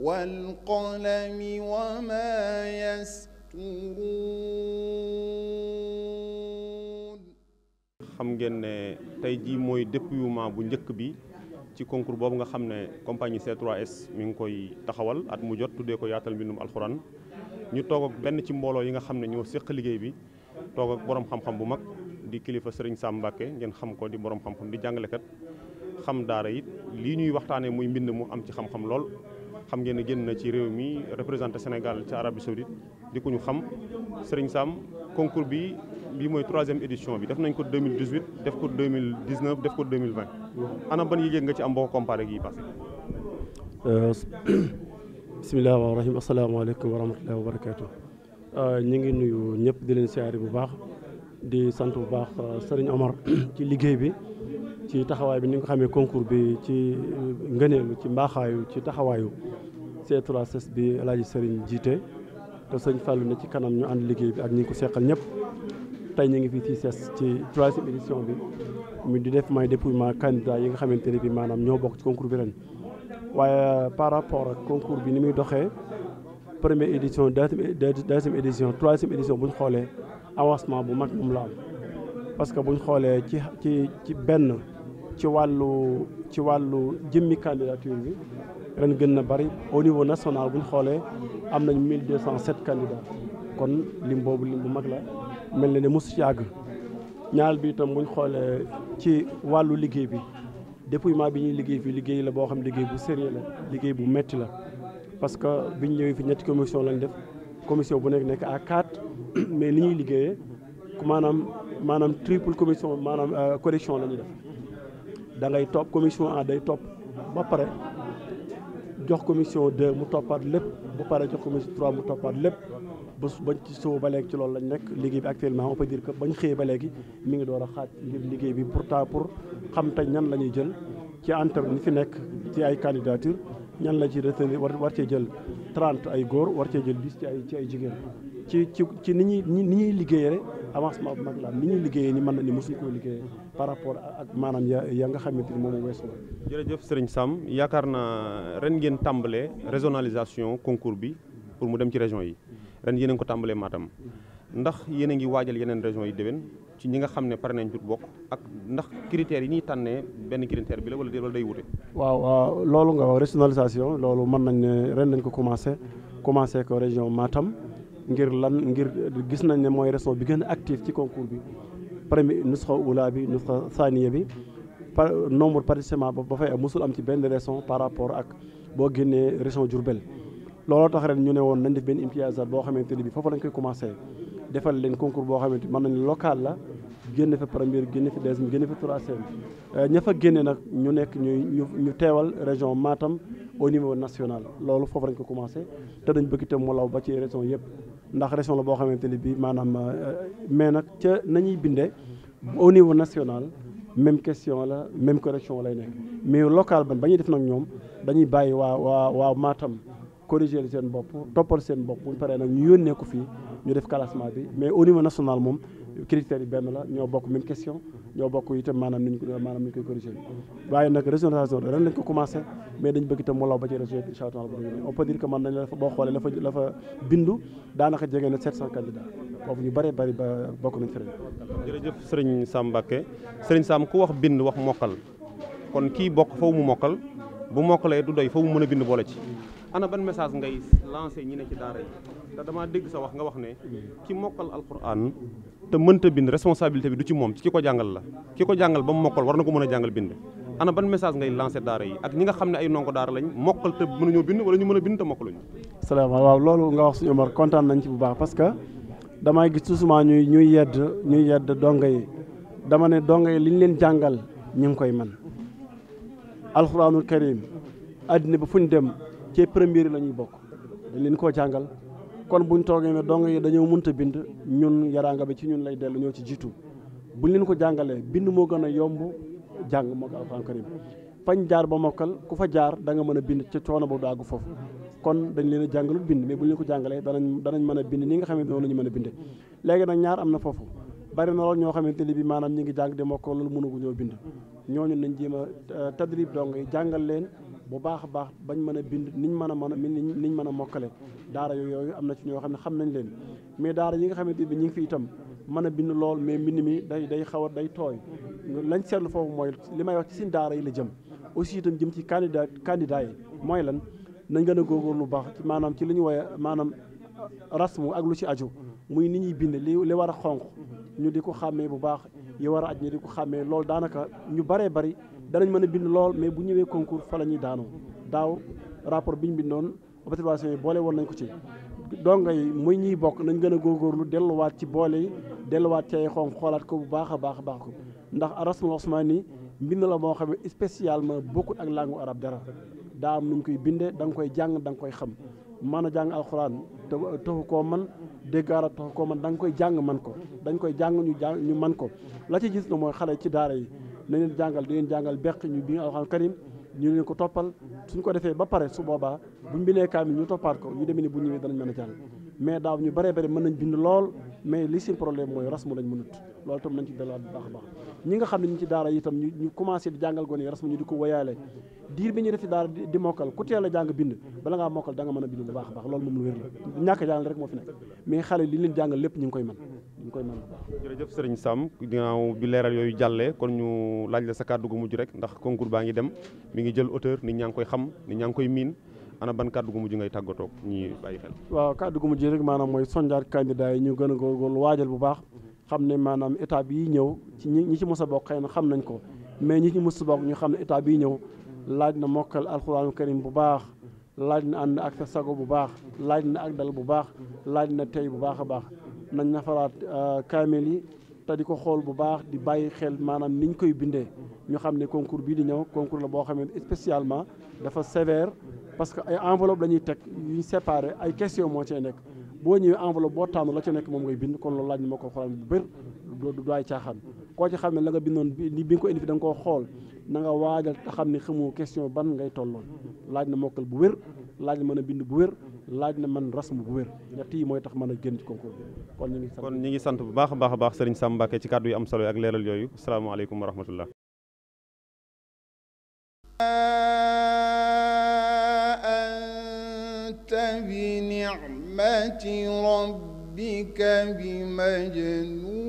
والقلم وما يسطرون xam ngeen ne tey jii mooy dépouillement bu njëkk bi ci concours boobu nga xam ne compagnie C3S mi ngi koy taxawal at mu jot tuddee ko yaatal mbindum alxuraan ñu toog ak benn ci mbooloo yi nga xam ne ñoo séq liggéey bi toog ak borom xam-xam bu mag di kilifa Serigne Sam Mbacké ngeen xam ko di borom xam-xam di jàngalekat xam daara it lii ñuy waxtaanee muy mbind mu am ci xam-xam lool. xam ngeen ne génn na ci réew mi représenté Sénégal ci Arabie Saoudite di ko ñu xam Serigne Sam concours bi bi mooy troisième édition bi def nañ ko 2018 def ko 2019 def ko 2020 ana ban yëg nga ci am boo ko comparé gi passé euh, bisimilah rahmaani rahim asalaamaaleykum wa rahmatulah wa barakaatu euh, ñu ngi nuyu ñëpp di leen siyaare bu baax di sant bu baax euh, sëriñ Omar ci liggéey bi ci taxawaay bi ni nga xamee concours bi ci euh, ngëneelu ci mbaaxaayu ci taxawaayu C3S bi laaj Hadj jiite te sëñ Fallou ni ci kanam ñu ànd liggéey bi ak ñi ko seqal ñëpp tey ñu ngi fii ci CES ci troisième édition bi mu di def may dépouillement candidat yi nga xamante ne bi maanaam ñoo bokk ci concours bi ren waaye euh, par rapport ak concours bi ni muy doxee première édition deuxième édition troisième édition bu ñu xoolee avancement bu mag moom la am parce que buñ xoolee ci ci ci benn ci wàllu ci wàllu jëmmi candidature bi ren gën na bari au niveau national buñ xoolee am nañ mille deux cent sept candidats kon lim boobu lim bu mag la mel na ne mosu ci àgg ñaar bi itam buñ xoolee ci wàllu liggéey bi dépouillement bi ñuy liggéey fii liggéey la boo xam liggéey bu sérieux la liggéey bu metti la parce que ñu ñëwee fi ñetti commission lañ def commission bu nekk nekk à quatre mais li ñuy liggéeye liggéeyee maanaam maanaam triple commission maanaam euh, correction la ñuy def da topp commission un day topp ba pare jox commission deux mu toppaat lépp ba pare jox commission trois mu toppaat lépp ba bañ ci soo ba léegi ci loolu lañ nekk liggéey bi actuellement on peut dire que bañ xëyee ba léegi mi ngi door a xaaj ngir liggéey bi pour pourtant pour xam te ñan la ñuy jël ci entre ñi fi nekk ci ay candidature ñan la ci retenir war war cee jël trente ay góor war cee jël bis ci ay ci ay jigéen ci ci ci ni ñuy ni ñuy liggéeye avancement bu mag la ni ñuy liggéeyee ni man na ni mosuñ koo liggéeyee par rapport ak maanaam ya ya nga xamante ni moom weesu la. jërëjëf Serigne Sam yaakaar naa ren ngeen tàmbalee régionalisation concours bi pour mu dem ci région yi ren yéen a ko tàmbalee maatam ndax yéen a ngi waajal yeneen région yi déwén ci ñi nga xam ne pare nañ jur bokk ak ndax critères yi ñuy tànnee benn critère bi la wala day wute. waaw loolu nga wax régionalisation loolu mën nañ ne ren nañ ko commencé commencé ko région Matam ngir lan ngir gis nañ ne mooy région bi gën a active ci concours bi premier nusxa ula bi nusxa sànniye bi par nombre participants ba fay musul am ci benn région par rapport ak boo génnee région Diourbel looloo tax ren ñu ne woon nañ def benn imtiyaasat boo xamante ne bi foofu lañ koy commencé defal leen concours boo xamante mën nañ local la génn fa première génn fi deuxième génn fi troisième euh, ña fa génne nag ñu nekk ñu ñu teewal région Matam au niveau national loolu foofu lañ ko commencé te dañ bëgg itam mu law ba ci région yëpp ndax région la boo xamante ne bi maanaam euh, mais nag ca nañuy bindee au niveau national même question la même correction lay nekk mais local ban ba ñuy def nag ñoom dañuy bàyyi waa waa waa Matam corriger seen bopp toppal seen bopp bu paree nag ñu yónnee ko fii ñu def classement bi mais au niveau national moom critères yi benn la ñoo bokk même question ñoo bokk itam maanaam ni ñu maanaam ni ñu koy corriger waaye nag régionalisation ren lañ ko commencé mais dañ bëgg itam mu law ba ci région incha allah boo xoolee la fa la fa bindu daanaka jege na 700 candidats foofu ñu bëree bëri ba bokk nañ fi ren. jërëjëf Serigne Sam Mbacké Serigne Sam ku wax bind wax mokkal kon kii bokk foofu mu mokkal bu mokkalee du doy foofu mu mën a bind boole ci. ana ban message ngay lancé ñi ne ci daara yi te damaa dégg sa wax nga wax ne ki mokkal alquran te mënta bind responsabilité bi du ci moom ci ki ko jàngal la ki ko jàngal ba mu mokkal war na ko mën a jàngal bind ana ban message ngay lancé daara yi ak ñi nga xam ne ay ndongo daara lañ mokkal te mënuñoo bind wala ñu mën a bind te mokkaluñu salaamaaleykum waaw loolu nga wax suñu Omar kontaan nañ ci bu baax parce que damay gis souvent ñuy ñuy yedd ñuy yedd donga yi dama ne yi li leen jàngal ñu ngi koy man alquranul karim fu ñu dem ci première yi la ñuy bokk dañ leen koo jàngal kon buñ toogee ne dong yi dañoo mënta bind ñun yaraanga bi ci ñun lay dellu ñoo ci jiitu buñ leen ko jàngalee bind moo gën a yomb jàng moo ko alxuraan karim fañ jaar ba mokkal ku fa jaar da nga mën a bind ci coono boobu daagu foofu kon dañ leen a jàngalul bind mais buñ leen ko jàngalee danañ danañ mën a bind ni nga xam ne noonu la ñu mën a binde léegi nag ñaar am na foofu bari na lool ñoo xamante ni bi maanaam ñi ngi jàng di mokkal loolu mënagu ñoo bind ñooñu nañ jéem a euh, tadrib dong yi jàngal leen bu baax a baax bañ mën a bind niñ mën a mën a niñ mën a mokkale daara yooyu am na ci ñoo xam ne xam nañ leen mais daara yi nga xamante bi ñu ngi fi itam mën a bind lool mais mbind mi day day xaw a day tooy lañ seetlu foofu mooy li may wax ci seen daara yi la jëm aussi itam jëm ci candidat candidat yi mooy lan nañ gën a góorgóorlu baax ci maanaam ci li ñu wooye maanaam ras rasmu ak lu ci aju muy nit ñuy bind li li war a xonq ñu di ko xàmmee bu baax yi war a aj ñu di ko xàmmee loolu daanaka ñu baree bari danañ mën a bind lool mais bu ñëwee concours fa la ñuy daanoo daaw rapport bi ñu bindoon observation yi boole woon nañ ko ci donga yi muy ñiy bokk nañ gën a góorgóorlu delluwaat ci boole yi delluwaat ci ay xonq xoolaat ko bu baax a baax a baax ko ndax arasmul osmaani mbind la moo xam ne spécialement bokkut ak langue arab dara daa am nuñ koy bindee danga koy jàng da nga koy xam mën a jàng alxuraan te taxu koo man dégg arab koo man da nga koy jàng man ko dañ koy jàng ñu jàng ñu man ko la ci gis na mooy xale ci daara yi nañ jàngal di leen jàngal beq ñu bi alxuraan karim ñu leen ko toppal suñ ko defee ba pare su boobaa buñ bindee kaamil ñu toppaat ko ñu demee ni bu ñëwee danañ mën a jàng mais daaw ñu bëree bëri mën nañ bind lool mais li seen problème mooy rasmu lañ mënut loolu itam nañ ci dalaat bu baax a baax ñi nga xam ne ñu ci daara itam ñu ñu commencé di jàngal gone yi rasmu ñu di ko woyaale diir bi ñu def di mokkal ku teel a jàng bind bala ngaa mokkal da mën a bind bu baax baax loolu moom lu wér la ñàkk jàngal rek moo fi nekk mais xale li leen jàngal lépp ñu ngi koy mën ñu ngi koy mën bu baax jërëjëf sëriñ yooyu jàllee kon ñu laaj la sa kàddu gu mujj rek ndax concours baa ngi dem mi ngi jël auteur ni ñaa ngi koy xam nit ñaa ngi koy miin ana ban kàddu gu mujj ngay tàggatoo ñi bàyyi xel. waaw kàddu gu mujj rek maanaam mooy sonjaat candidat yi ñu gën a góorgóorlu waajal bu baax xam ne maanaam état bii ñëw ci ñi ci mos a bokk xëy na xam nañ ko mais ñi ci mos a ñu xam ne état bii ñëw laaj na mokkal alxuraanu karim bu baax laaj na ànd ak sago bu baax laaj na ak dal bu baax laaj na tey bu baax a baax nañ nafaraat euh, kaamil yi te di ko xool bu baax di bàyyi xel maanaam niñ koy bindee ñu xam ne concours bii di ñaw concours la boo xam ne spécialement dafa sévère parce que ay enveloppe la ñuy teg yuñ séparé ay question moo cee nekk boo ñëwee enveloppe boo tànn la ca nekk moom ngay bind kon loolu laaj na ko xoolaan bu bëri du doy koo ci xam ne la nga bindoon bi nga ko indi fi nga koo xool na nga waajal te xam ne xamoo question ban ngay tolloon laaj na mokkal bu wér laaj na mën a bind bu wér laaj na man rasmu bu wér ñett yi mooy tax man a génn ci concours bi kon ñu ngi sant bu baax a baax a baax sëriñ Sam ci kàddu yu am solo yi ak leeral yooyu asalaamaaleykum wa rahmatullah أنت بنعمة ربك بمجنون